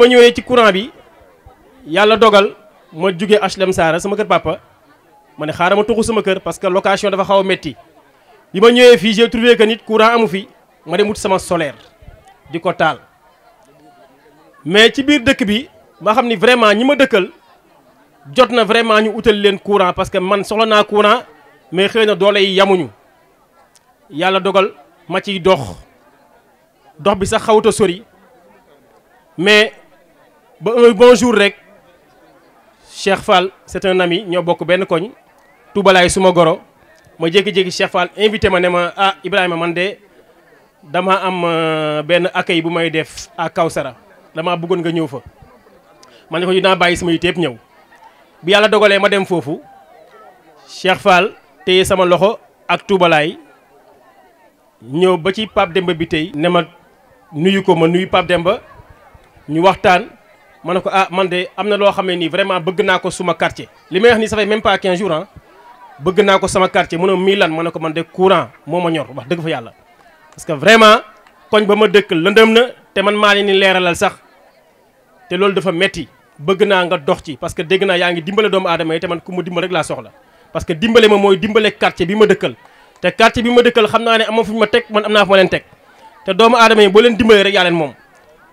ma ñëwee ci courant bi yàlla dogal ma jóge HLM Saara sama kër papa ma ne xaaral ma tuxu sama kër parce que location dafa xaw a métti ma ñëwee fii j'ai trouvé que nit courant amu fi ma dem wut sama solaire di ko taal mais ci biir dëkk bi ma xam ni vraiment ñi ma dëkkal jot na vraiment ñu wutal leen courant parce que man soxla naa courant mais xëy na doole yi yamuñu yàlla dogal ma ciy dox dox bi sax xawut sori ba un euh, bonjour rek Cheikh Fall c'est un ami ñoo bokk benn koñ tubalaay suma goro ma jékki-jékki Cheikh Fall invité ma ne ma ah Ibrahima man de dama am euh, benn accueil bu may def à Kawsara damaa bëggoon nga ñëw fa ma ne ko ñu dinaa bàyyi sama yite yëpp ñëw bi yàlla dogalee ma dem foofu Cheikh Fall téye sama loxo ak tuubalaay ñëw ba ci Pape Demba bi tey ne ma nuyu ko ma nuyu Pape Demba ñu waxtaan ma ne ko ah man de am na loo xam ne nii vraiment bëgg naa ko suma quartier. li may wax nii ça fait même pas 15 jours ah bëgg naa ko sama quartier mu ne mii lan ma ne ko man de courant moo ma ñor wax dëgg fa yàlla. parce que vraiment koñ ba ma dëkk lëndëm na te man maa leen ni leeralal sax te loolu dafa metti bëgg naa nga dox ci parce que dégg na yaangi dimbalé doom doomu té man kumu dimbal rek la soxla. parce que dimbalé ma mooy dimbalé quartier bi ma dëkkal te quartier bi ma dëkkal xam naa ne amoon ma teg man amna naa fu ma leen teg te doomu aadama yi leen dimbalee rek ya leen mom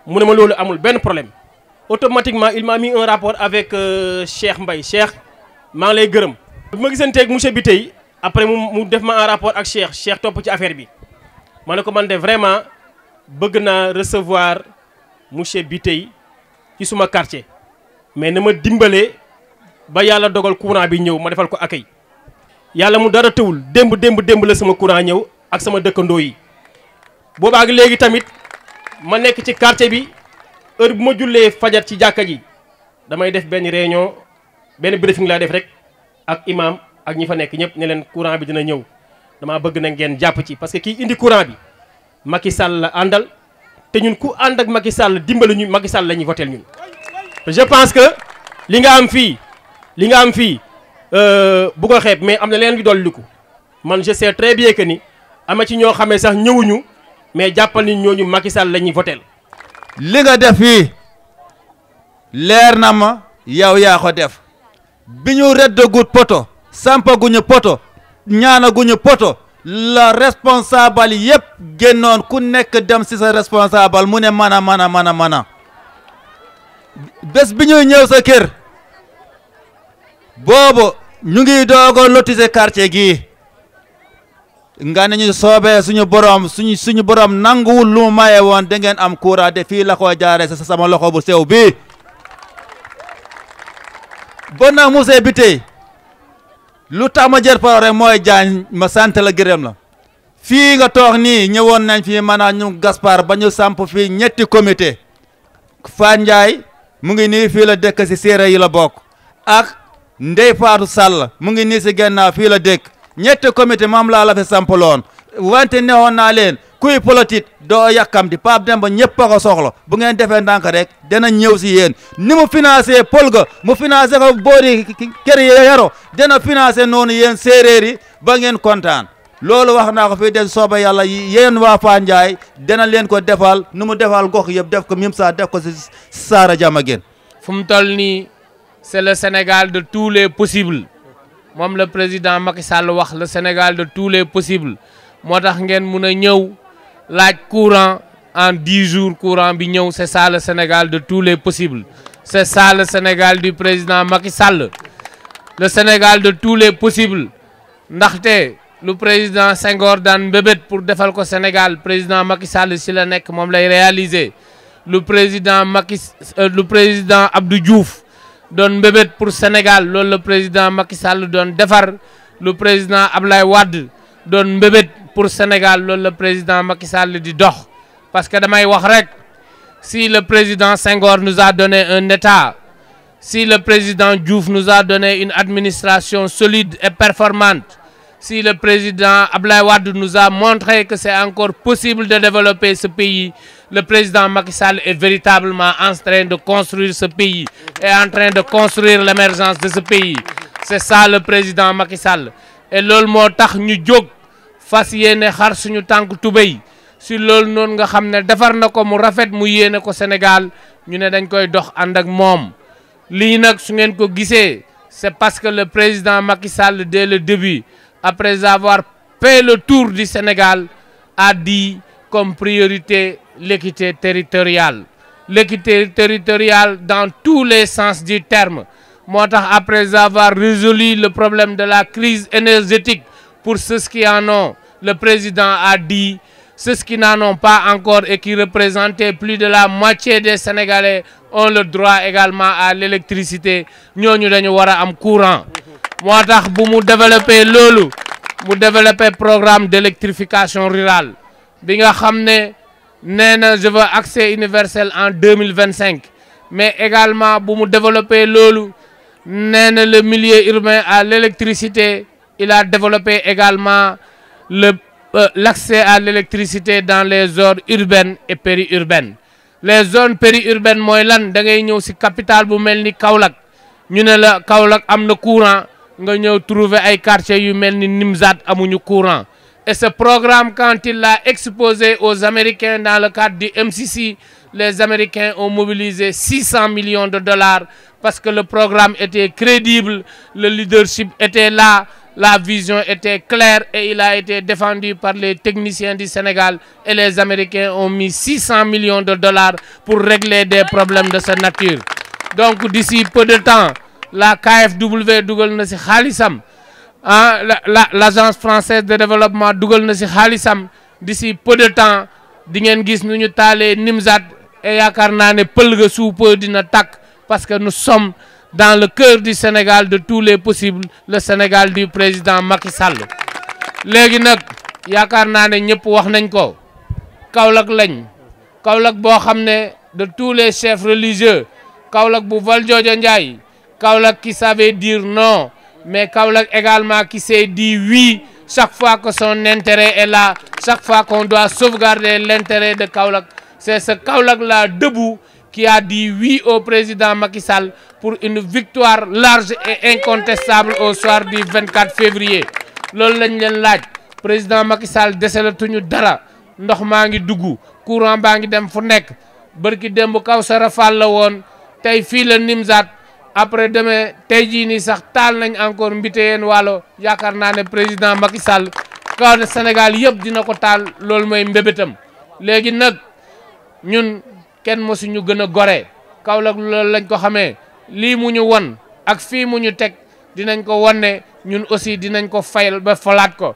mu ma loolu amul ben problème automatiquement il m'a mis un rapport avec euh, Cheikh Mbaye Cheikh maa ngi lay gërëm. bu ma monsieur bi après mu mu def ma un rapport avec Cheikh Cheikh top ci affaire bi ma ne ko man de vraiment bëgg naa recevoir monsieur Bitey tey ci suma quartier. mais na ma dimbalee ba yalla dogal courant bi ñëw ma defal ko accueil yalla mu dara tëwul demb demb demb la sama courant ñëw ak sama dëkkandoo yi ak léegi tamit ma nekk ci quartier bi. heure bu ma jullee fajar ci jàkka ji damay def benn réunion benn briefing laa def rek ak imam ak ñi fa nekk ñëpp ne leen courant bi dina ñëw damaa bëgg na ngeen jàpp ci parce que kii indi courant bi Macky Sall la àndal te ñun ku ànd ak Macky Sall dimbali ñu Macky Sall la ñuy votel ñun. je pense que li nga am fii li nga am fii euh, bu ko xeeb mais am na leen di dolliku man je sais très bien que ni ama ci ñoo xamee sax ñëwuñu mais jàppal ni ñooñu Macky Sall la ñuy votel li nga def fii leer na ma yow yaa ko def bi ñu reddagut poto sampaguñu poto ñaanaguñu poto la responsable yëpp génnoon ku nekk dem si sa responsable mu ne mana mana mana mana bés bi ñuy ñëw sa kër boobu ñu ngi doog a lotiser quartier nga nañu soobee suñu borom suñu suñu borom nanguwul lu mu maye woon da ngeen am de fii la ko jaaree sa sama loxo bu sew bi bon nag monsieur Biteye lu tax ma jël parole mooy jaañ ma sant la gërëm la fii nga toog nii ñëwoon nañ ñu samp ñetti comité mu ngi la yi la ak Ndeye Fatou Sall mu ngi la ñette comité moom laa la fi sampaloon wante neexoon naa leen kuy politique doo yàkkamti Pape Demba ñëpp a ko soxla bu ngeen defee ndànk rek dana ñëw si yéen ni mu financé polga mu financé ko boori kër yaro dana financé noonu yéen séeréer yi ba ngeen kontaan loolu wax naa ko fii den sooba yàlla yéen waa Fane Ndiaye dana leen ko defal nu mu defal gox yëpp def ko mim saa def ko si saara jama gén fu mu toll nii c'est le Sénégal de tous les possibles Moi, le président Macky le Sénégal de tous les possibles je tax ngeen mun ñëw laaj courant en 10 jours courant bi c'est ça le Sénégal de tous les possibles c'est ça le Sénégal du président Macky Sall le Sénégal de tous les possibles Le le président Senghor dan pour défal ko Sénégal président Macky Sall si la nek président Macky euh, le président Abdou Diouf Donne bébé pour Sénégal le président Macky Sall donne defar Le président Ablaye Wad donne bébé pour Sénégal le président Macky Sall dit dox parce que damay si le président Senghor nous a donné un état si le président Diouf nous a donné une administration solide et performante si le président Ablaï Wade nous a montré que c'est encore possible de développer ce pays, le président Macky Sall est véritablement en train de construire ce pays, est en train de construire l'émergence de ce pays. C'est ça le président Macky Sall. Et loolu moo tax ñu jog fas yéene xar suñu tànk toubey si nous non nga xamné ne nako mu rafet mu ko Sénégal ñu ne dañ koy dox ànd ak ko c'est parce que le président Macky Sall dès le début après avoir fait le tour du Sénégal, a dit comme priorité l'équité territoriale. L'équité territoriale dans tous les sens du terme. après avoir résolu le problème de la crise énergétique, pour ceux qui en ont, le président a dit, ceux qui n'en ont pas encore et qui représentaient plus de la moitié des Sénégalais ont le droit également à l'électricité. Nous, nous devons courant moi bu mu mu programme d'électrification rurale je veux accès universel en 2025. mais également bu développer développer le milieu urbain à l'électricité il a développé également euh, l'accès à l'électricité dans les zones urbaines et périurbaines les zones périurbaines c'est lan da ngay capitale bu melni Kaolack la courant nous avons trouvé un quartiers humain courant et ce programme quand il l'a exposé aux Américains dans le cadre du MCC les Américains ont mobilisé 600 millions de dollars parce que le programme était crédible le leadership était là la vision était claire et il a été défendu par les techniciens du Sénégal et les Américains ont mis 600 millions de dollars pour régler des problèmes de cette nature donc d'ici peu de temps la KFW dugal na si xaalisam ah la la l' agence française de développement dugal na si xaalisam d'ici peu de temps di ngeen gis nu ñu taalee Nimzat et yaakaar naa ne pël ga peu dina takk parce que nous sommes dans le cœur du Sénégal de tous les possibles le Sénégal du président Macky Sall léegi nag yaakaar naa ne ñëpp wax nañ ko Kaolack lañ Kaolack boo xam ne de tous les chefs religieux Kaolack bu Valdiodio Ndiaye Kaolak qui savait dire non, mais Kaolak également qui s'est dit oui chaque fois que son intérêt est là, chaque fois qu'on doit sauvegarder l'intérêt de Kaolak. C'est ce Kaolak-là debout qui a dit oui au président Macky Sall pour une victoire large et incontestable au soir du 24 février. loolu lañ leen président Macky Sall deselatuñu dara ndox maa ngi courant baa dem fu a bërki démb kaw sara fàll la won, tay fi la Nimzaat après demain tey jii nii sax taal nañ encore mbite yeen wàllo yaakaar naa ne président Macky Sall kaw ne Sénégal yëpp dina ko taal loolu mooy mbébétam léegi nag ñun kenn mosuñu gën a gore Kaolack loolu lañ ko xamee lii mu ñu won ak fii mu ñu teg dinañ ko won ñun aussi dinañ ko fayal ba falaat ko